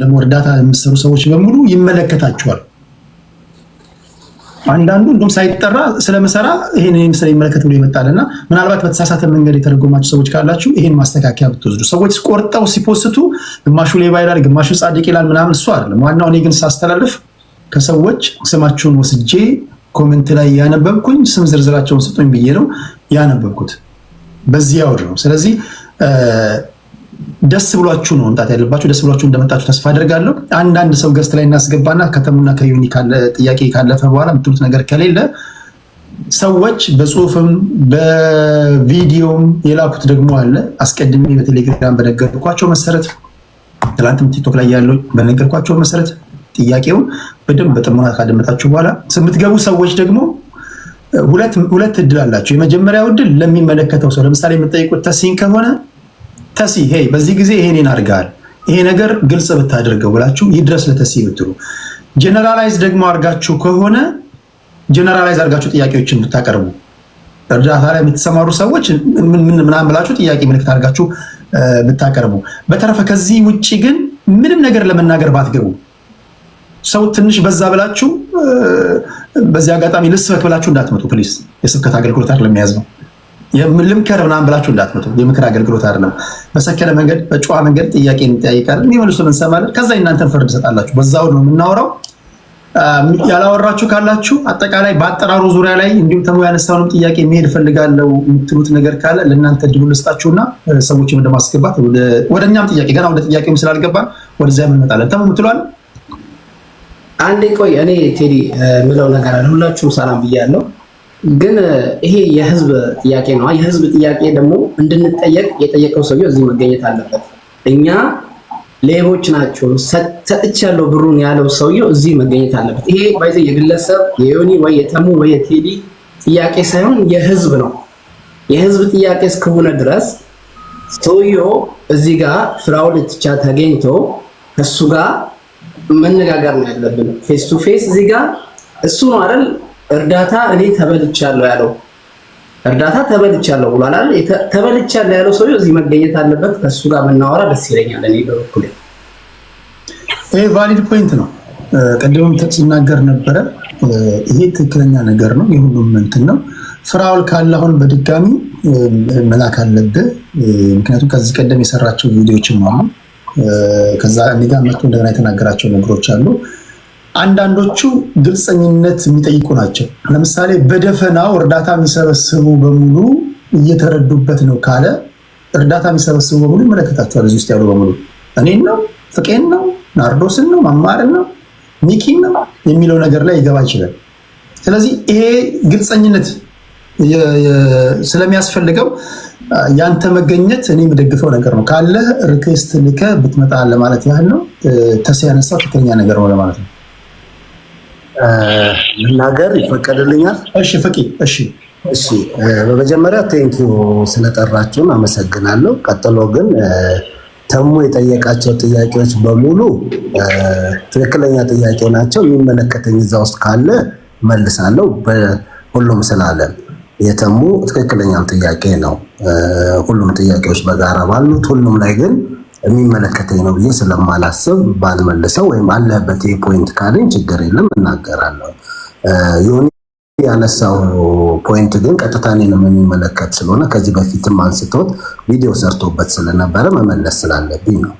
ደግሞ እርዳታ የምትሰሩ ሰዎች በሙሉ ይመለከታችኋል። አንዳንዱ እንዲሁም ሳይጠራ ስለምሰራ ይህን ምስል ይመለከት ብሎ ይመጣል እና ምናልባት በተሳሳተ መንገድ የተረጎማቸው ሰዎች ካላችሁ ይህን ማስተካከያ ብትወስዱ። ሰዎች ቆርጠው ሲፖስቱ ግማሹ ሌባ ይላል፣ ግማሹ ጻድቅ ይላል ምናምን እሱ አይደለም ዋናው። እኔ ግን ሳስተላልፍ ከሰዎች ስማችሁን ወስጄ ኮመንት ላይ ያነበብኩኝ ስም ዝርዝራቸውን ስጡኝ ብዬ ነው ያነበብኩት። በዚህ ያወድ ነው ስለዚህ ደስ ብሏችሁ ነው መምጣት ያለባችሁ። ደስ ብሏችሁ እንደመጣችሁ ተስፋ አደርጋለሁ። አንዳንድ ሰው ገስት ላይ እናስገባና ከተሙና ከዩኒ ጥያቄ ካለፈ በኋላ የምትሉት ነገር ከሌለ ሰዎች በጽሁፍም በቪዲዮም የላኩት ደግሞ አለ። አስቀድሜ በቴሌግራም በነገርኳቸው መሰረት ትላንትም ቲክቶክ ላይ ያለው በነገርኳቸው መሰረት ጥያቄውን በደንብ በጥሞና ካደመጣችሁ በኋላ ስምትገቡ ሰዎች ደግሞ ሁለት እድል አላቸው። የመጀመሪያው እድል ለሚመለከተው ሰው ለምሳሌ የምጠይቁት ተሲን ከሆነ ተሲ ሄይ በዚህ ጊዜ ይሄንን አድርገሃል፣ ይሄ ነገር ግልጽ ብታደርገው ብላችሁ ይድረስ ለተሲ ብትሉ፣ ጀነራላይዝ ደግሞ አድርጋችሁ ከሆነ ጀነራላይዝ አድርጋችሁ ጥያቄዎችን ብታቀርቡ፣ እርዳታ ላይ የምትሰማሩ ሰዎች ምናምን ብላችሁ ጥያቄ ምልክት አድርጋችሁ ብታቀርቡ። በተረፈ ከዚህ ውጭ ግን ምንም ነገር ለመናገር ባትገቡ፣ ሰው ትንሽ በዛ ብላችሁ በዚህ አጋጣሚ ልስበክ ብላችሁ እንዳትመጡ ፕሊስ። የስብከት አገልግሎት ለመያዝ ነው። ልምከር ምናምን ብላችሁ እንዳትመጡ። የምክር አገልግሎት አይደለም። በሰከነ መንገድ በጨዋ መንገድ ጥያቄ እንጠያይቃለን፣ የሚመልሱ እንሰማለን። ከዛ እናንተን ፍርድ ሰጣላችሁ። በዛው ነው የምናወራው። ያላወራችሁ ካላችሁ አጠቃላይ በአጠራሩ ዙሪያ ላይ እንዲሁም ተሞ ያነሳውንም ጥያቄ መሄድ ፈልጋለው የምትሉት ነገር ካለ ለእናንተ እድሉ ልስጣችሁና ሰዎችም እንደማስገባት ወደ እኛም ጥያቄ ገና ወደ ጥያቄም ስላልገባን ወደዚያ እንመጣለን። ተሞ ምትሏል። አንዴ ቆይ፣ እኔ ቴዲ ምለው ነገር አለ። ሁላችሁም ሰላም ብያለው። ግን ይሄ የህዝብ ጥያቄ ነው። የህዝብ ጥያቄ ደግሞ እንድንጠየቅ የጠየቀው ሰው እዚህ መገኘት አለበት። እኛ ሌቦች ናቸው ሰጥቻለሁ ብሩን ያለው ሰውዬው እዚህ መገኘት አለበት። ይሄ ባይዘ የግለሰብ የዮኒ ወይ የተሙ ወይ የቴዲ ጥያቄ ሳይሆን የህዝብ ነው። የህዝብ ጥያቄ እስከሆነ ድረስ ሰውዬው እዚህ ጋር ፍራው ልትቻ ተገኝቶ እሱ ጋር መነጋገር ነው ያለብን ፌስ ቱ ፌስ እዚህ ጋር እሱ ነው አይደል እርዳታ እኔ ተበልቻለሁ ያለው እርዳታ ተበልቻለሁ ብሏል አይደል? ተበልቻለሁ ያለው ሰውዬው እዚህ መገኘት አለበት። ከሱ ጋር ብናወራ ደስ ይለኛል። እኔ በበኩል ይሄ ቫሊድ ፖይንት ነው። ቅድምም ሲናገር ነበረ። ይሄ ትክክለኛ ነገር ነው። የሁሉም እንትን ነው። ፍራውል ካለ አሁን በድጋሚ መላክ አለብህ። ምክንያቱም ከዚህ ቀደም የሰራቸው ቪዲዮዎችም አሉ። ከዛ እኔ ጋር መጥቶ እንደገና የተናገራቸው ነገሮች አሉ። አንዳንዶቹ ግልፀኝነት የሚጠይቁ ናቸው። ለምሳሌ በደፈናው እርዳታ የሚሰበስቡ በሙሉ እየተረዱበት ነው ካለ እርዳታ የሚሰበስቡ በሙሉ ይመለከታቸዋል። እዚህ ውስጥ ያሉ በሙሉ እኔን ነው፣ ፍቄን ነው፣ ናርዶስን ነው፣ ማማርን ነው፣ ሚኪን ነው የሚለው ነገር ላይ ይገባ ይችላል። ስለዚህ ይሄ ግልፀኝነት ስለሚያስፈልገው ያንተ መገኘት እኔ የምደግፈው ነገር ነው ካለህ ሪኩዌስት ልከህ ብትመጣ ለማለት ያህል ነው። ተስ ያነሳው ትክክለኛ ነገር ነው ለማለት ነው። መናገር ይፈቀድልኛል? እሺ ፍቂ። እሺ እሺ። በመጀመሪያ ቴንኪዩ ስለጠራችሁን አመሰግናለሁ። ቀጥሎ ግን ተሙ የጠየቃቸው ጥያቄዎች በሙሉ ትክክለኛ ጥያቄ ናቸው። የሚመለከተኝ እዛ ውስጥ ካለ መልሳለሁ። ሁሉም ስላለን የተሙ ትክክለኛም ጥያቄ ነው። ሁሉም ጥያቄዎች በጋራ ባሉት ሁሉም ላይ ግን የሚመለከተኝ ነው ብዬ ስለማላስብ ባልመልሰው ወይም አለበት ፖይንት ካለኝ ችግር የለም እናገራለሁ። ዮኒ ያነሳው ፖይንት ግን ቀጥታ እኔንም የሚመለከት ስለሆነ ከዚህ በፊትም አንስቶት ቪዲዮ ሰርቶበት ስለነበረ መመለስ ስላለብኝ ነው።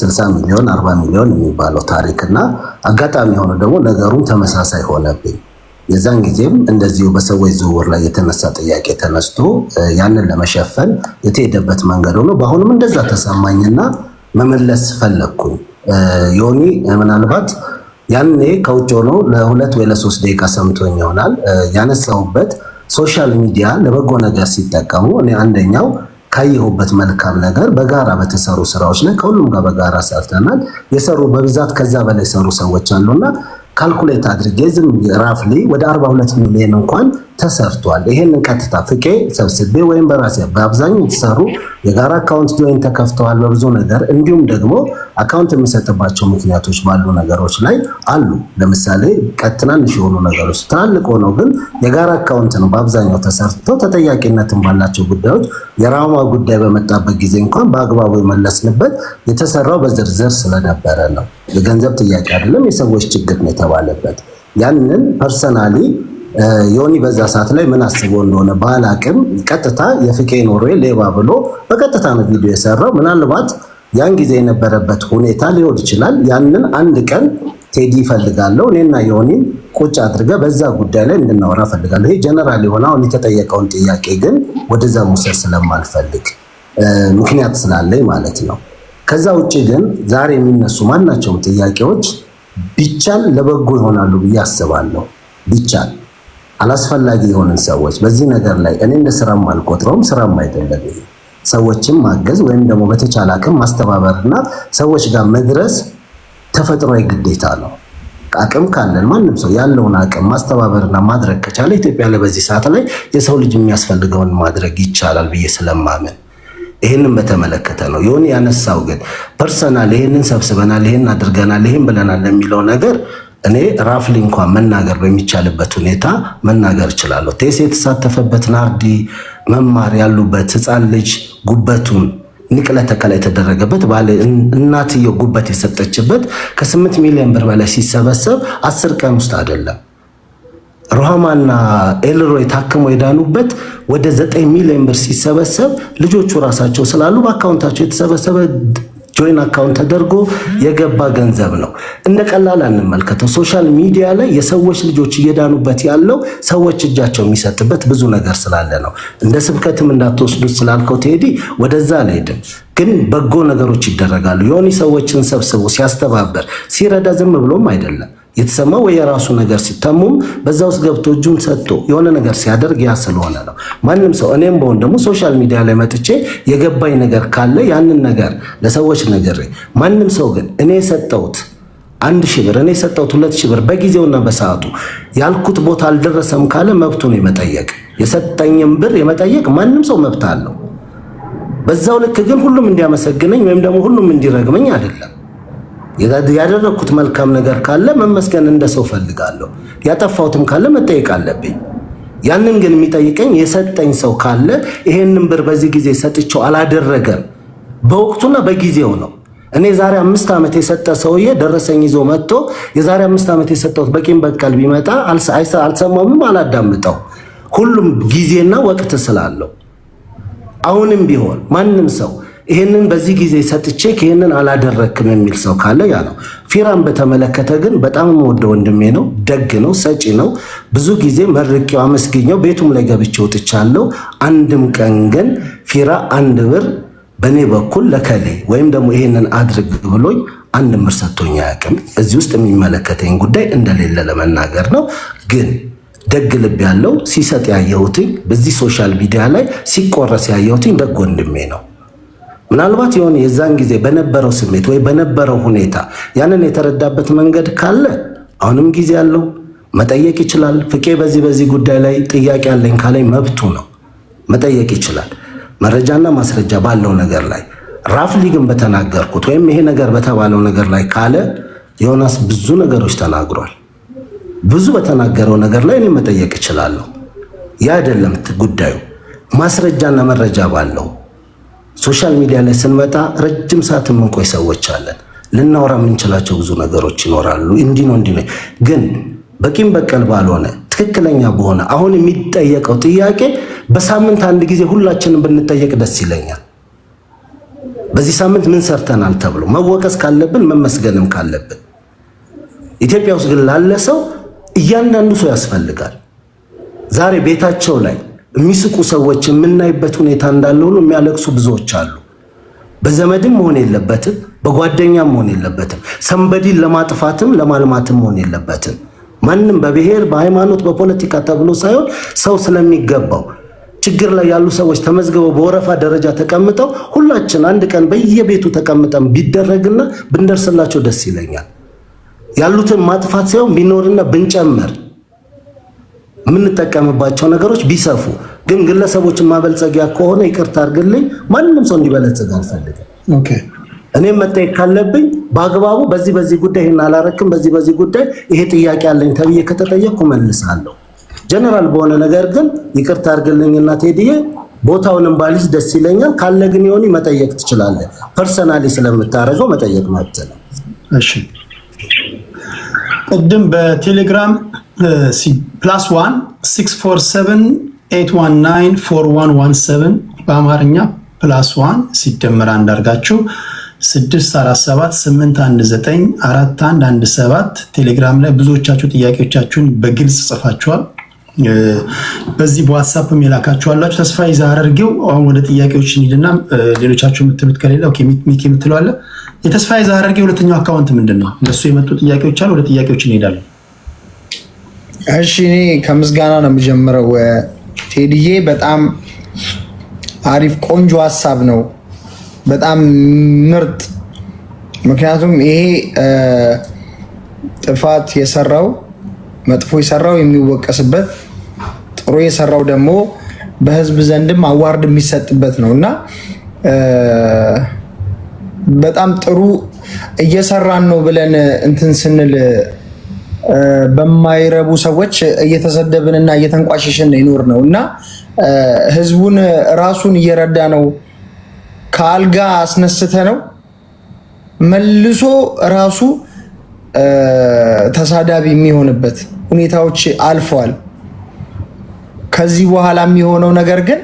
ስልሳ ሚሊዮን አርባ ሚሊዮን የሚባለው ታሪክ እና አጋጣሚ የሆነ ደግሞ ነገሩም ተመሳሳይ ሆነብኝ። የዛን ጊዜም እንደዚሁ በሰዎች ዝውውር ላይ የተነሳ ጥያቄ ተነስቶ ያንን ለመሸፈን የተሄደበት መንገድ ሆኖ በአሁኑም እንደዛ ተሰማኝና መመለስ ፈለግኩ። ዮኒ ምናልባት ያኔ ከውጭ ሆኖ ለሁለት ወይ ለሶስት ደቂቃ ሰምቶኝ ይሆናል ያነሳሁበት ሶሻል ሚዲያ ለበጎ ነገር ሲጠቀሙ እኔ አንደኛው ካየሁበት መልካም ነገር በጋራ በተሰሩ ስራዎች ላይ ከሁሉም ጋር በጋራ ሰርተናል። የሰሩ በብዛት ከዛ በላይ የሰሩ ሰዎች አሉና ካልኩሌት አድርጌ ዝም ራፍሊ ወደ 42 ሚሊዮን እንኳን ተሰርቷል። ይሄንን ቀጥታ ፍቄ ሰብስቤ ወይም በራሴ በአብዛኛው የተሰሩ የጋራ አካውንት ጆይን ተከፍተዋል በብዙ ነገር እንዲሁም ደግሞ አካውንት የሚሰጥባቸው ምክንያቶች ባሉ ነገሮች ላይ አሉ። ለምሳሌ ቀትናንሽ የሆኑ ነገሮች ትላልቅ ሆነው ግን የጋራ አካውንት ነው በአብዛኛው ተሰርቶ ተጠያቂነትን ባላቸው ጉዳዮች የራማ ጉዳይ በመጣበት ጊዜ እንኳን በአግባቡ የመለስንበት የተሰራው በዝርዝር ስለነበረ ነው። የገንዘብ ጥያቄ አይደለም፣ የሰዎች ችግር ነው የተባለበት ያንን ፐርሰናሊ ዮኒ በዛ ሰዓት ላይ ምን አስቦ እንደሆነ ባላቅም ቀጥታ የፍቄ ኖሮ ሌባ ብሎ በቀጥታ ነው ቪዲዮ የሰራው። ምናልባት ያን ጊዜ የነበረበት ሁኔታ ሊሆን ይችላል። ያንን አንድ ቀን ቴዲ ይፈልጋለሁ እኔና ዮኒ ቁጭ አድርገ በዛ ጉዳይ ላይ እንድናወራ ፈልጋለሁ። ይሄ ጀነራል የሆነ አሁን የተጠየቀውን ጥያቄ ግን ወደዛ መውሰድ ስለማልፈልግ ምክንያት ስላለኝ ማለት ነው። ከዛ ውጭ ግን ዛሬ የሚነሱ ማናቸውም ጥያቄዎች ቢቻል ለበጎ ይሆናሉ ብዬ አስባለሁ ቢቻል አላስፈላጊ የሆንን ሰዎች በዚህ ነገር ላይ እኔ እንደ ስራም አልቆጥረውም፣ ስራም አይደለም። ሰዎችም ማገዝ ወይም ደግሞ በተቻለ አቅም ማስተባበርና ሰዎች ጋር መድረስ ተፈጥሯዊ ግዴታ ነው። አቅም ካለን ማንም ሰው ያለውን አቅም ማስተባበርና ማድረግ ከቻለ ኢትዮጵያ ላይ በዚህ ሰዓት ላይ የሰው ልጅ የሚያስፈልገውን ማድረግ ይቻላል ብዬ ስለማምን ይህንን በተመለከተ ነው ይሁን ያነሳው። ግን ፐርሰናል ይህንን ሰብስበናል፣ ይህን አድርገናል፣ ይህን ብለናል የሚለው ነገር እኔ ራፍሊ እንኳን መናገር በሚቻልበት ሁኔታ መናገር እችላለሁ። ቴስ የተሳተፈበት ናርዲ መማር ያሉበት ህፃን ልጅ ጉበቱን ንቅለ ተከላ የተደረገበት እናትየው ጉበት የሰጠችበት ከስምንት ሚሊዮን ብር በላይ ሲሰበሰብ አስር ቀን ውስጥ አይደለም። ሩሃማና ኤልሮይ ታክሞ የዳኑበት ወደ ዘጠኝ ሚሊዮን ብር ሲሰበሰብ ልጆቹ ራሳቸው ስላሉ በአካውንታቸው የተሰበሰበ ጆይን አካውንት ተደርጎ የገባ ገንዘብ ነው። እንደ ቀላል አንመልከተው። ሶሻል ሚዲያ ላይ የሰዎች ልጆች እየዳኑበት ያለው ሰዎች እጃቸው የሚሰጥበት ብዙ ነገር ስላለ ነው። እንደ ስብከትም እንዳትወስዱት ስላልከው ቴዲ ወደዛ አልሄድም፣ ግን በጎ ነገሮች ይደረጋሉ። የሆኑ ሰዎችን ሰብስቦ ሲያስተባበር ሲረዳ ዝም ብሎም አይደለም የተሰማው ወይ የራሱ ነገር ሲተሙም በዛ ውስጥ ገብቶ እጁን ሰጥቶ የሆነ ነገር ሲያደርግ ያ ስለሆነ ነው። ማንም ሰው እኔም በሆን ደግሞ ሶሻል ሚዲያ ላይ መጥቼ የገባኝ ነገር ካለ ያንን ነገር ለሰዎች ነገር ማንም ሰው ግን እኔ የሰጠሁት አንድ ሺህ ብር እኔ የሰጠሁት ሁለት ሺህ ብር በጊዜውና በሰዓቱ ያልኩት ቦታ አልደረሰም ካለ መብቱ ነው የመጠየቅ የሰጠኝም ብር የመጠየቅ ማንም ሰው መብት አለው። በዛው ልክ ግን ሁሉም እንዲያመሰግነኝ ወይም ደግሞ ሁሉም እንዲረግመኝ አይደለም። ያደረግኩት መልካም ነገር ካለ መመስገን እንደ ሰው ፈልጋለሁ። ያጠፋሁትም ካለ መጠየቅ አለብኝ። ያንን ግን የሚጠይቀኝ የሰጠኝ ሰው ካለ ይሄንን ብር በዚህ ጊዜ ሰጥቼው አላደረገም፣ በወቅቱና በጊዜው ነው። እኔ ዛሬ አምስት ዓመት የሰጠ ሰውዬ ደረሰኝ ይዞ መጥቶ የዛሬ አምስት ዓመት የሰጠሁት በቂም በቀል ቢመጣ አልሰማምም፣ አላዳምጠው። ሁሉም ጊዜና ወቅት ስላለው አሁንም ቢሆን ማንም ሰው ይህንን በዚህ ጊዜ ሰጥቼ ይህንን አላደረክም የሚል ሰው ካለ ያ ነው። ፊራን በተመለከተ ግን በጣም ወደ ወንድሜ ነው፣ ደግ ነው፣ ሰጪ ነው። ብዙ ጊዜ መርቄው አመስግኘው ቤቱም ላይ ገብቼ ወጥቻለሁ። አንድም ቀን ግን ፊራ አንድ ብር በእኔ በኩል ለከሌ ወይም ደግሞ ይህንን አድርግ ብሎኝ አንድ ብር ሰጥቶኝ አያውቅም። እዚህ ውስጥ የሚመለከተኝ ጉዳይ እንደሌለ ለመናገር ነው ግን ደግ ልብ ያለው ሲሰጥ ያየሁትኝ በዚህ ሶሻል ሚዲያ ላይ ሲቆረስ ያየሁትኝ ደግ ወንድሜ ነው። ምናልባት የሆነ የዛን ጊዜ በነበረው ስሜት ወይ በነበረው ሁኔታ ያንን የተረዳበት መንገድ ካለ አሁንም ጊዜ አለው፣ መጠየቅ ይችላል። ፍቄ በዚህ በዚህ ጉዳይ ላይ ጥያቄ አለኝ ካለኝ መብቱ ነው፣ መጠየቅ ይችላል። መረጃና ማስረጃ ባለው ነገር ላይ ራፍሊ ግን በተናገርኩት ወይም ይሄ ነገር በተባለው ነገር ላይ ካለ ዮናስ ብዙ ነገሮች ተናግሯል። ብዙ በተናገረው ነገር ላይ እኔ መጠየቅ እችላለሁ። ያ አይደለም ጉዳዩ ማስረጃና መረጃ ባለው ሶሻል ሚዲያ ላይ ስንመጣ ረጅም ሰዓት የምንቆይ ሰዎች አለን። ልናወራ የምንችላቸው ብዙ ነገሮች ይኖራሉ። እንዲህ ነው እንዲህ ነው። ግን በቂም በቀል ባልሆነ ትክክለኛ በሆነ አሁን የሚጠየቀው ጥያቄ በሳምንት አንድ ጊዜ ሁላችንም ብንጠየቅ ደስ ይለኛል። በዚህ ሳምንት ምን ሰርተናል ተብሎ መወቀስ ካለብን መመስገንም ካለብን ኢትዮጵያ ውስጥ ግን ላለ ሰው እያንዳንዱ ሰው ያስፈልጋል። ዛሬ ቤታቸው ላይ የሚስቁ ሰዎች የምናይበት ሁኔታ እንዳለ ሁሉ የሚያለቅሱ ብዙዎች አሉ። በዘመድም መሆን የለበትም፣ በጓደኛም መሆን የለበትም። ሰንበዲን ለማጥፋትም ለማልማትም መሆን የለበትም። ማንም በብሔር በሃይማኖት፣ በፖለቲካ ተብሎ ሳይሆን ሰው ስለሚገባው ችግር ላይ ያሉ ሰዎች ተመዝግበው በወረፋ ደረጃ ተቀምጠው ሁላችን አንድ ቀን በየቤቱ ተቀምጠን ቢደረግና ብንደርስላቸው ደስ ይለኛል። ያሉትን ማጥፋት ሳይሆን ቢኖርና ብንጨምር የምንጠቀምባቸው ነገሮች ቢሰፉ ግን ግለሰቦችን ማበልጸጊያ ከሆነ ይቅርታ አድርግልኝ፣ ማንም ሰው እንዲበለጽግ አልፈልግም። እኔም መጠየቅ ካለብኝ በአግባቡ በዚህ በዚህ ጉዳይ ይህን አላረክም፣ በዚህ በዚህ ጉዳይ ይሄ ጥያቄ አለኝ ተብዬ ከተጠየቅኩ መልሳለሁ። ጀነራል በሆነ ነገር ግን ይቅርታ አድርግልኝና ቴዲዬ ቦታውንም ባልጅ ደስ ይለኛል። ካለ ግን የሆኑ መጠየቅ ትችላለህ። ፐርሰናሊ ስለምታረገው መጠየቅ መብት ነው። እሺ ቅድም በቴሌግራም ፕላስ ዋን ሲክስ ፎር ሰቨን ኤይት ዋን ናይን ፎር ዋን ዋን ሰቨን በአማርኛ ፕላስ ዋን ሲደመር አንዳርጋችሁ 647819417 ቴሌግራም ላይ ብዙዎቻችሁ ጥያቄዎቻችሁን በግልጽ ጽፋችኋል። uh, በዚህ በዋትሳፕም የላካችኋላችሁ። ይዛ አድርጌው አሁን ወደ ጥያቄዎች እንሂድና uh, ሌሎቻችሁ የምትሉት ከሌለ ሚኪ የምትለዋለ ይዛ አድርጌ ሁለተኛው አካውንት ምንድን ነው? እነሱ የመጡ ጥያቄዎች አሉ። ወደ ጥያቄዎች እንሄዳለን። እሺ እኔ ከምስጋና ነው የምጀምረው። ቴዲዬ በጣም አሪፍ ቆንጆ ሀሳብ ነው፣ በጣም ምርጥ። ምክንያቱም ይሄ ጥፋት የሰራው መጥፎ የሰራው የሚወቀስበት፣ ጥሩ የሰራው ደግሞ በህዝብ ዘንድም አዋርድ የሚሰጥበት ነው እና በጣም ጥሩ እየሰራን ነው ብለን እንትን ስንል በማይረቡ ሰዎች እየተሰደብንና እየተንቋሸሽን ይኖር ነው እና ህዝቡን ራሱን እየረዳ ነው። ከአልጋ አስነስተ ነው መልሶ ራሱ ተሳዳቢ የሚሆንበት ሁኔታዎች አልፈዋል። ከዚህ በኋላ የሚሆነው ነገር ግን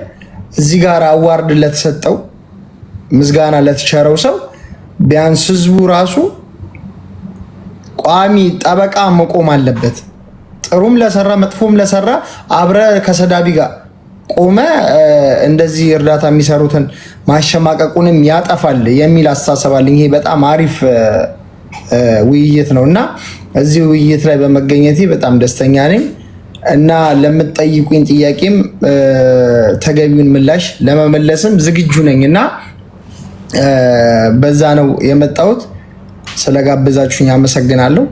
እዚህ ጋር አዋርድ ለተሰጠው ምስጋና ለተቸረው ሰው ቢያንስ ህዝቡ ራሱ ቋሚ ጠበቃ መቆም አለበት። ጥሩም ለሰራ መጥፎም ለሰራ አብረ ከሰዳቢ ጋር ቆመ እንደዚህ እርዳታ የሚሰሩትን ማሸማቀቁንም ያጠፋል የሚል አስተሳሰባል። ይሄ በጣም አሪፍ ውይይት ነው እና እዚህ ውይይት ላይ በመገኘቴ በጣም ደስተኛ ነኝ እና ለምትጠይቁኝ ጥያቄም ተገቢውን ምላሽ ለመመለስም ዝግጁ ነኝ እና በዛ ነው የመጣሁት። ስለጋበዛችሁኝ አመሰግናለሁ።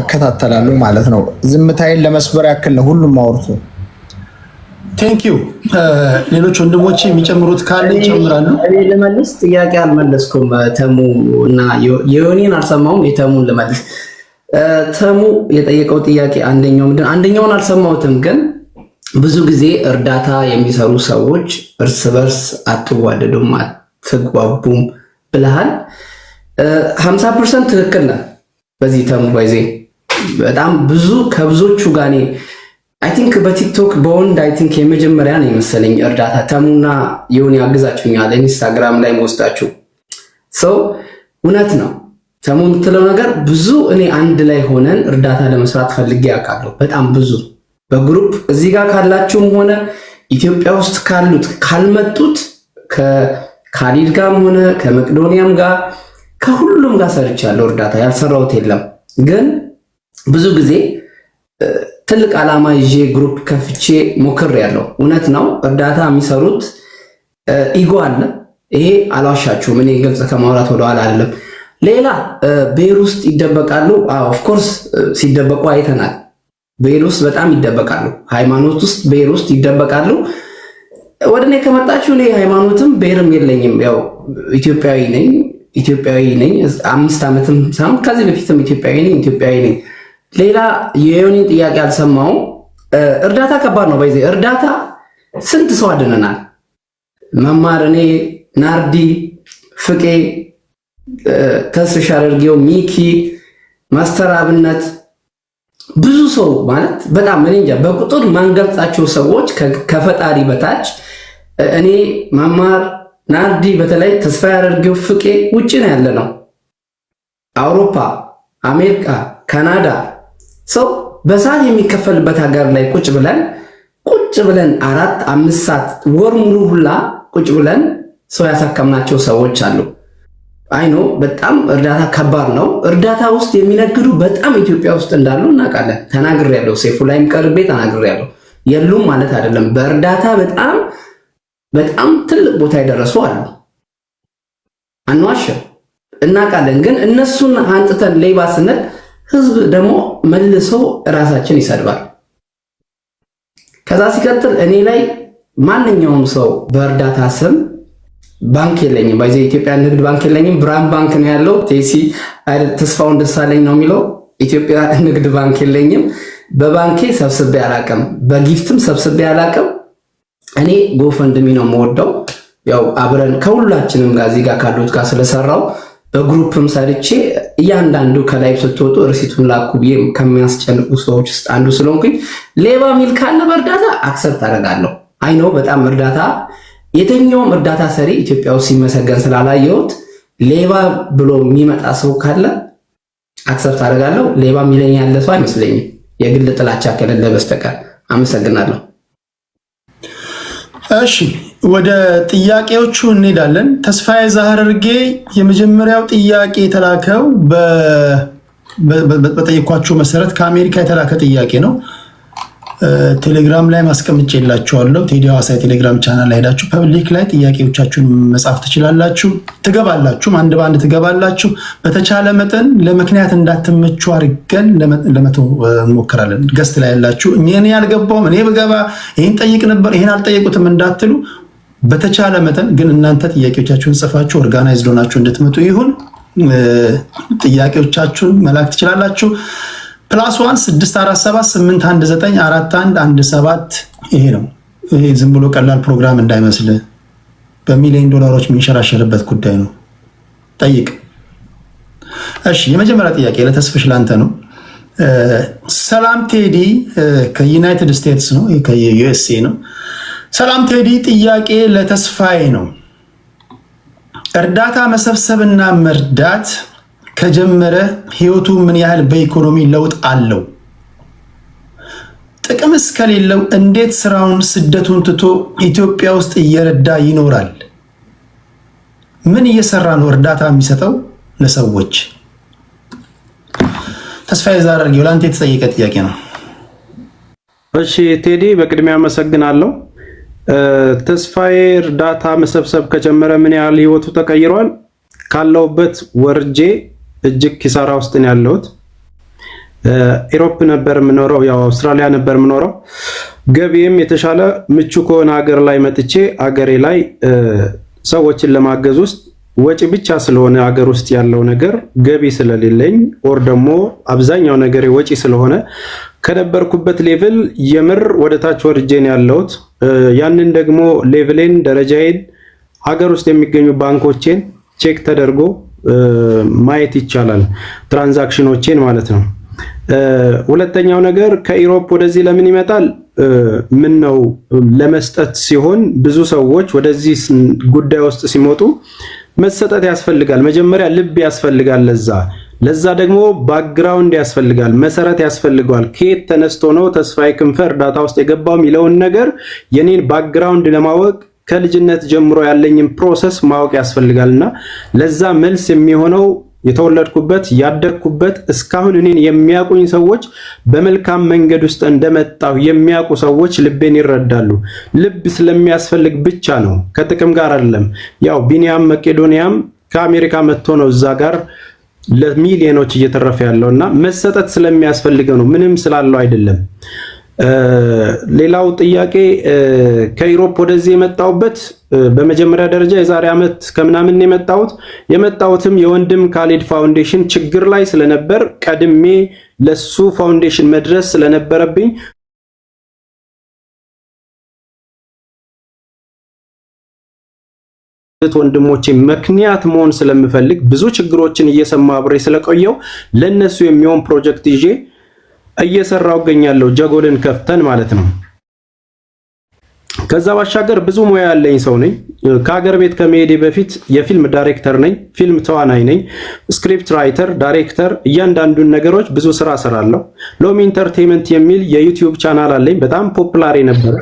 እከታተላለሁ ማለት ነው። ዝምታዬን ለመስበር ያክል ነው። ሁሉም አውርቶ ንኪ ሌሎች ወንድሞች የሚጨምሩት ካለ ይጨምራሉ። እኔ ልመልስ። ጥያቄ አልመለስኩም። ተሙ እና የዮኒን አልሰማሁም። የተሙን ልመልስ። ተሙ የጠየቀው ጥያቄ አንደኛው ምንድን አንደኛውን አልሰማሁትም፣ ግን ብዙ ጊዜ እርዳታ የሚሰሩ ሰዎች እርስ በርስ አትዋደዱም፣ አትግባቡም ብለሃል። ሀምሳ ፐርሰንት ትክክል ነህ። በዚህ በጣም ብዙ ከብዙዎቹ ጋር አይ ቲንክ በቲክቶክ በወንድ አይ ቲንክ የመጀመሪያ ነው የመሰለኝ እርዳታ ተሙና የሆነ ያግዛችሁኛል ኢንስታግራም ላይ መወስዳችሁ ሰው እውነት ነው። ተሙ የምትለው ነገር ብዙ እኔ አንድ ላይ ሆነን እርዳታ ለመስራት ፈልጌ ያውቃለሁ። በጣም ብዙ በግሩፕ እዚህ ጋር ካላችሁም ሆነ ኢትዮጵያ ውስጥ ካሉት ካልመጡት ከካሊድ ጋርም ሆነ ከመቅዶኒያም ጋር ከሁሉም ጋር ሰርቻለሁ። እርዳታ ያልሰራሁት የለም። ግን ብዙ ጊዜ ትልቅ ዓላማ ይዤ ግሩፕ ከፍቼ ሞክር ያለው እውነት ነው። እርዳታ የሚሰሩት ኢጎ አለ። ይሄ አልዋሻችሁም። እኔ ግልጽ ከማውራት ወደኋላ አይደለም። ሌላ ብሔር ውስጥ ይደበቃሉ። ኦፍኮርስ ሲደበቁ አይተናል። ብሔር ውስጥ በጣም ይደበቃሉ። ሃይማኖት ውስጥ፣ ብሔር ውስጥ ይደበቃሉ። ወደ እኔ ከመጣችሁ እኔ ሃይማኖትም ብሔርም የለኝም። ያው ኢትዮጵያዊ ነኝ። ኢትዮጵያዊ ነኝ። አምስት ዓመትም ሳይሆን ከዚህ በፊትም ኢትዮጵያዊ ነኝ ኢትዮጵያዊ ነኝ። ሌላ የዮኒን ጥያቄ አልሰማው። እርዳታ ከባድ ነው። በዚህ እርዳታ ስንት ሰው አድነናል። መማር እኔ ናርዲ፣ ፍቄ፣ ተስሻ አድርጌው፣ ሚኪ፣ ማስተር አብነት ብዙ ሰው ማለት በጣም እኔ እንጃ በቁጥር ማንገልጻቸው ሰዎች ከፈጣሪ በታች እኔ መማር ናርዲ በተለይ ተስፋ ያደርገው ፍቄ ውጭ ነው ያለ ነው። አውሮፓ፣ አሜሪካ፣ ካናዳ ሰው በሰዓት የሚከፈልበት ሀገር ላይ ቁጭ ብለን ቁጭ ብለን አራት አምስት ሰዓት ወር ሙሉ ሁላ ቁጭ ብለን ሰው ያሳከምናቸው ሰዎች አሉ። አይኖ በጣም እርዳታ ከባድ ነው። እርዳታ ውስጥ የሚነግዱ በጣም ኢትዮጵያ ውስጥ እንዳሉ እናውቃለን። ተናግሬያለሁ፣ ሴፉ ላይም ቀርቤ ተናግሬያለሁ። የሉም ማለት አይደለም። በእርዳታ በጣም በጣም ትልቅ ቦታ የደረሱ አሉ። አንዋሽም እናውቃለን። ግን እነሱን አንጥተን ሌባ ስንል ህዝብ ደግሞ መልሰው እራሳችን ይሰድባል። ከዛ ሲቀጥል እኔ ላይ ማንኛውም ሰው በእርዳታ ስም ባንክ የለኝም፣ ባይዘ ኢትዮጵያ ንግድ ባንክ የለኝም። ብራን ባንክ ነው ያለው። ቴሲ ተስፋውን ደሳለኝ ነው የሚለው። ኢትዮጵያ ንግድ ባንክ የለኝም። በባንኬ ሰብስቤ አላቅም፣ በጊፍትም ሰብስቤ አላቅም። እኔ ጎፈንድሚ ነው የምወደው። ያው አብረን ከሁላችንም ጋር እዚህ ጋር ካሉት ጋር ስለሰራው በግሩፕም ሰርቼ እያንዳንዱ ከላይ ስትወጡ ርሲቱን ላኩ ብዬ ከሚያስጨንቁ ሰዎች ውስጥ አንዱ ስለሆንኩኝ ሌባ ሚል ካለ በእርዳታ አክሰብት አደርጋለሁ። ነው በጣም እርዳታ የትኛውም እርዳታ ሰሪ ኢትዮጵያ ውስጥ ሲመሰገን ስላላየሁት ሌባ ብሎ የሚመጣ ሰው ካለ አክሰብት አደርጋለሁ። ሌባ የሚለኝ ያለ ሰው አይመስለኝም፣ የግል ጥላቻ ከሌለ በስተቀር። አመሰግናለሁ። እሺ ወደ ጥያቄዎቹ እንሄዳለን። ተስፋዬ ዛሀርጌ የመጀመሪያው ጥያቄ የተላከው በጠየኳችሁ መሰረት ከአሜሪካ የተላከ ጥያቄ ነው። ቴሌግራም ላይ ማስቀምጭ የላችኋለሁ። ቴዲ ሐዋሳ የቴሌግራም ቻናል ላይ ሄዳችሁ ፐብሊክ ላይ ጥያቄዎቻችሁን መጻፍ ትችላላችሁ። ትገባላችሁም፣ አንድ በአንድ ትገባላችሁ። በተቻለ መጠን ለምክንያት እንዳትመቹ አድርገን ለመቶ እንሞክራለን። ገስት ላይ ያላችሁ እኔ ያልገባውም እኔ ብገባ ይህን ጠይቅ ነበር፣ ይህን አልጠየቁትም እንዳትሉ በተቻለ መጠን ግን እናንተ ጥያቄዎቻችሁን ጽፋችሁ ኦርጋናይዝ ሆናችሁ እንድትመጡ ይሁን። ጥያቄዎቻችሁን መላክ ትችላላችሁ። ፕላስ ዋን 6478194117 ይሄ ነው። ይሄ ዝም ብሎ ቀላል ፕሮግራም እንዳይመስል በሚሊዮን ዶላሮች የሚንሸራሸርበት ጉዳይ ነው። ጠይቅ። እሺ፣ የመጀመሪያ ጥያቄ ለተስፍሽ ላንተ ነው። ሰላም ቴዲ ከዩናይትድ ስቴትስ ነው፣ ከዩኤስኤ ነው። ሰላም ቴዲ፣ ጥያቄ ለተስፋዬ ነው። እርዳታ መሰብሰብና መርዳት ከጀመረ ህይወቱ ምን ያህል በኢኮኖሚ ለውጥ አለው? ጥቅምስ ከሌለው እንዴት ስራውን ስደቱን ትቶ ኢትዮጵያ ውስጥ እየረዳ ይኖራል? ምን እየሰራ ነው እርዳታ የሚሰጠው ለሰዎች? ተስፋዬ ዛረርጌው ለአንተ የተጠየቀ ጥያቄ ነው። እሺ ቴዲ፣ በቅድሚያ አመሰግናለሁ። ተስፋዬ እርዳታ መሰብሰብ ከጀመረ ምን ያህል ህይወቱ ተቀይሯል? ካለውበት ወርጄ እጅግ ኪሳራ ውስጥ ነው ያለሁት። ኢሮፕ ነበር የምኖረው፣ ያው አውስትራሊያ ነበር የምኖረው። ገቢም የተሻለ ምቹ ከሆነ ሀገር ላይ መጥቼ አገሬ ላይ ሰዎችን ለማገዝ ውስጥ ወጪ ብቻ ስለሆነ አገር ውስጥ ያለው ነገር ገቢ ስለሌለኝ ኦር ደግሞ አብዛኛው ነገር ወጪ ስለሆነ ከነበርኩበት ሌቭል የምር ወደ ታች ወርጄን ያለሁት ያንን ደግሞ ሌቭሌን ደረጃዬን ሀገር ውስጥ የሚገኙ ባንኮቼን ቼክ ተደርጎ ማየት ይቻላል፣ ትራንዛክሽኖቼን ማለት ነው። ሁለተኛው ነገር ከኢሮፕ ወደዚህ ለምን ይመጣል? ምን ነው ለመስጠት ሲሆን ብዙ ሰዎች ወደዚህ ጉዳይ ውስጥ ሲመጡ መሰጠት ያስፈልጋል። መጀመሪያ ልብ ያስፈልጋል ለዛ ለዛ ደግሞ ባክግራውንድ ያስፈልጋል፣ መሰረት ያስፈልገዋል። ከየት ተነስቶ ነው ተስፋዬ ክንፈ እርዳታ ውስጥ የገባው የሚለውን ነገር የኔን ባክግራውንድ ለማወቅ ከልጅነት ጀምሮ ያለኝን ፕሮሰስ ማወቅ ያስፈልጋልና ለዛ መልስ የሚሆነው የተወለድኩበት ያደግኩበት እስካሁን እኔን የሚያውቁኝ ሰዎች በመልካም መንገድ ውስጥ እንደመጣሁ የሚያውቁ ሰዎች ልቤን ይረዳሉ። ልብ ስለሚያስፈልግ ብቻ ነው፣ ከጥቅም ጋር አይደለም። ያው ቢኒያም መቄዶንያም ከአሜሪካ መጥቶ ነው እዛ ጋር ለሚሊዮኖች እየተረፈ እና መሰጠት ስለሚያስፈልገው ነው፣ ምንም ስላለው አይደለም። ሌላው ጥያቄ ከኢሮፕ ወደዚህ የመጣሁበት በመጀመሪያ ደረጃ የዛሬ ዓመት ከምናምን የመጣሁት የመጣሁትም የወንድም ካሌድ ፋውንዴሽን ችግር ላይ ስለነበር ቀድሜ ለሱ ፋውንዴሽን መድረስ ስለነበረብኝ ወንድሞቼ ምክንያት መሆን ስለምፈልግ ብዙ ችግሮችን እየሰማ አብሬ ስለቆየው ለእነሱ የሚሆን ፕሮጀክት ይዤ እየሰራው እገኛለሁ። ጀጎልን ከፍተን ማለት ነው። ከዛ ባሻገር ብዙ ሙያ ያለኝ ሰው ነኝ። ከሀገር ቤት ከመሄዴ በፊት የፊልም ዳይሬክተር ነኝ፣ ፊልም ተዋናይ ነኝ፣ ስክሪፕት ራይተር፣ ዳይሬክተር፣ እያንዳንዱን ነገሮች ብዙ ስራ ሰራለሁ። ሎሚ ኢንተርቴንመንት የሚል የዩቲዩብ ቻናል አለኝ። በጣም ፖፕላር ነበረ።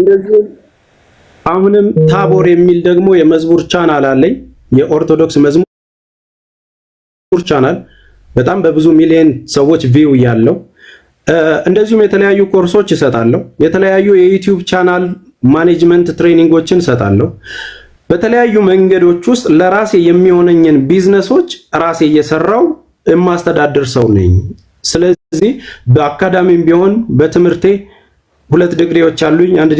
እንደዚህ አሁንም ታቦር የሚል ደግሞ የመዝሙር ቻናል አለኝ፣ የኦርቶዶክስ መዝሙር ቻናል በጣም በብዙ ሚሊዮን ሰዎች ቪው ያለው እንደዚሁም የተለያዩ ኮርሶች እሰጣለሁ። የተለያዩ የዩቲዩብ ቻናል ማኔጅመንት ትሬኒንጎችን እሰጣለሁ። በተለያዩ መንገዶች ውስጥ ለራሴ የሚሆነኝን ቢዝነሶች ራሴ እየሰራው የማስተዳደር ሰው ነኝ። ስለዚህ በአካዳሚም ቢሆን በትምህርቴ ሁለት ድግሪዎች አሉኝ። አንድ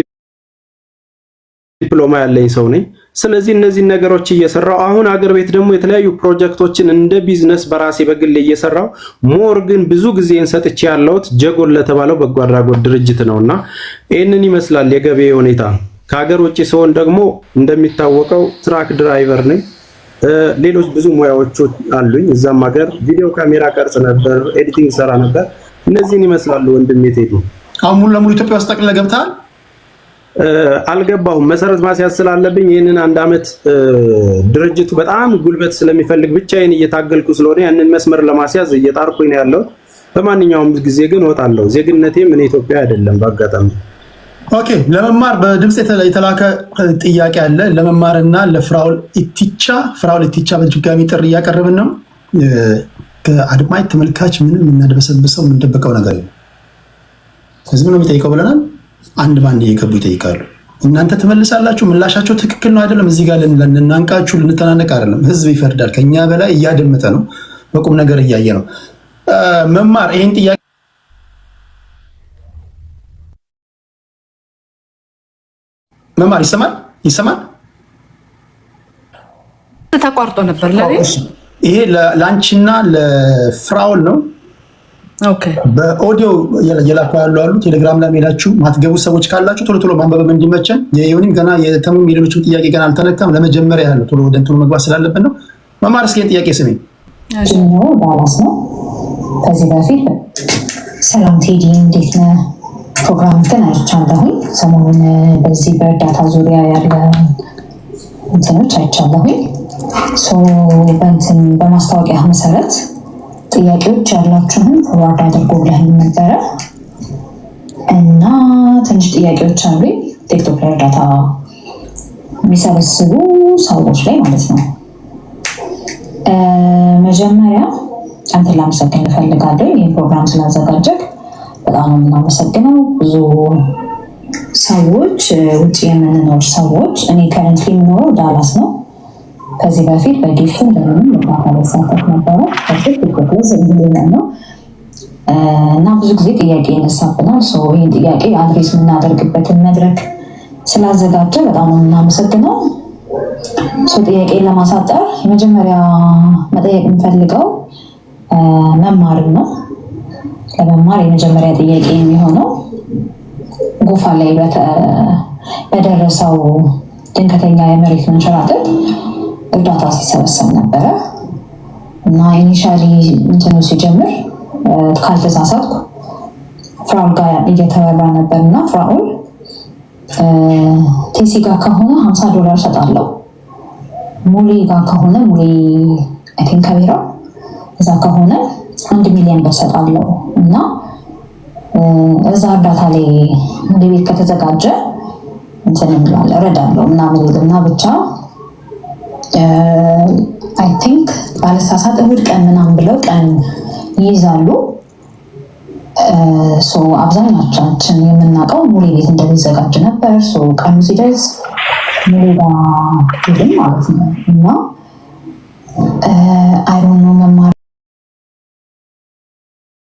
ዲፕሎማ ያለኝ ሰው ነኝ። ስለዚህ እነዚህን ነገሮች እየሰራው አሁን አገር ቤት ደግሞ የተለያዩ ፕሮጀክቶችን እንደ ቢዝነስ በራሴ በግል እየሰራው ሞር ግን ብዙ ጊዜን ሰጥቼ ያለውት ጀጎል ለተባለው በጎ አድራጎት ድርጅት እና ይህንን ይመስላል የገበያ ሁኔታ። ከሀገር ውጭ ሲሆን ደግሞ እንደሚታወቀው ትራክ ድራይቨር ነኝ። ሌሎች ብዙ ሙያዎች አሉኝ። እዛም ሀገር ቪዲዮ ካሜራ ቀርጽ ነበር፣ ኤዲቲንግ ሰራ ነበር። እነዚህን ይመስላሉ ወንድሜ። ቴዱ አሁን ሙሉ ለሙሉ ኢትዮጵያ ውስጥ ጠቅልለህ ገብተሃል? አልገባውም መሰረት ማስያዝ ስላለብኝ ይህንን አንድ አመት ድርጅቱ በጣም ጉልበት ስለሚፈልግ ብቻዬን እየታገልኩ ስለሆነ ያንን መስመር ለማስያዝ እየጣርኩኝ ነው ያለው። በማንኛውም ጊዜ ግን እወጣለሁ። ዜግነቴም እኔ ኢትዮጵያ አይደለም። በአጋጣሚ ኦኬ። ለመማር በድምፅ የተላከ ጥያቄ አለ። ለመማርና ለፍራውል ኢቲቻ ፍራውል ኢቲቻ በድጋሚ ጥሪ እያቀረብን ነው። ከአድማጭ ተመልካች ምንም የምናደበሰብሰው የምንደበቀው ነገር የለም። ህዝብ ነው የሚጠይቀው ብለናል። አንድ ባንድ እየገቡ ይጠይቃሉ። እናንተ ትመልሳላችሁ። ምላሻቸው ትክክል ነው አይደለም፣ እዚህ ጋር ልናንቃችሁ ልንተናነቅ አይደለም። ህዝብ ይፈርዳል። ከኛ በላይ እያደመጠ ነው፣ በቁም ነገር እያየ ነው። መማር ይህን ጥያቄ መማር ይሰማል ይሰማል። ተቋርጦ ነበር። ይሄ ለአንቺና ለፍራውል ነው በኦዲዮ የላኩ ያሉ አሉ። ቴሌግራም ላይ ሄዳችሁ ማትገቡ ሰዎች ካላችሁ ቶሎ ቶሎ ማንበብም እንዲመቸን የሆንም ገና የተሙ የሌሎችም ጥያቄ ገና አልተነካም። ለመጀመሪያ ያለው ቶሎ ወደ እንትኑ መግባት ስላለብን ነው። መማር እስኪ ጥያቄ ስሜ ዳላስ ነው። ከዚህ በፊት ሰላም ቴዲ እንዴት ነህ? ፕሮግራም ግን አይቻለሁኝ። ሰሞኑን በዚህ በእርዳታ ዙሪያ ያለ እንትኖች አይቻለሁኝ። በማስታወቂያ መሰረት ጥያቄዎች ያላችሁን ፎርዋርድ አድርጎልህ ነበረ እና ትንሽ ጥያቄዎች አሉ ቲክቶክ ላይ እርዳታ የሚሰበስቡ ሰዎች ላይ ማለት ነው። መጀመሪያ አንተን ላመሰግን እፈልጋለሁ። ይህ ፕሮግራም ስላዘጋጀህ በጣም የምናመሰግነው። ብዙ ሰዎች ውጭ የምንኖር ሰዎች እኔ ከረንትሊ የምኖረው ዳላስ ነው ከዚህ በፊት በዲሽን በምንም ማሳተፍ ነበረ። በፊት ቢጎዝ እንግሊና ነው እና ብዙ ጊዜ ጥያቄ ይነሳብናል። ይህን ጥያቄ አድሬስ የምናደርግበትን መድረክ ስላዘጋጀ በጣም ሰው ጥያቄን ለማሳጠር የመጀመሪያ መጠየቅ የምፈልገው መማርን ነው። ለመማር የመጀመሪያ ጥያቄ የሚሆነው ጎፋ ላይ በደረሰው ድንገተኛ የመሬት መንሸራተት እርዳታ ሲሰበሰብ ነበረ እና ኢኒሻሊ እንትኑ ሲጀምር ካልተሳሳትኩ ፍራውል ጋር እየተበራ ነበር እና ፍራውል ቴሲ ጋር ከሆነ ሀምሳ ዶላር ሰጣለው ሙሌ ጋር ከሆነ ሙሌ አይን ከቢራ እዛ ከሆነ አንድ ሚሊዮን ብር ሰጣለው እና እዛ እርዳታ ላይ እንደ ቤት ከተዘጋጀ እንትን እንላለን እረዳለው ምናምን ይልና ብቻ አይ ቲንክ ባለሳሳት እሑድ ቀን ምናምን ብለው ቀን ይይዛሉ። አብዛኛቻችን የምናውቀው ሙሌ ቤት እንደሚዘጋጅ ነበር። ቀኑ ሲደርስ ሙሌ ጋር ሄድን ማለት ነው እና አይሮኖ መማር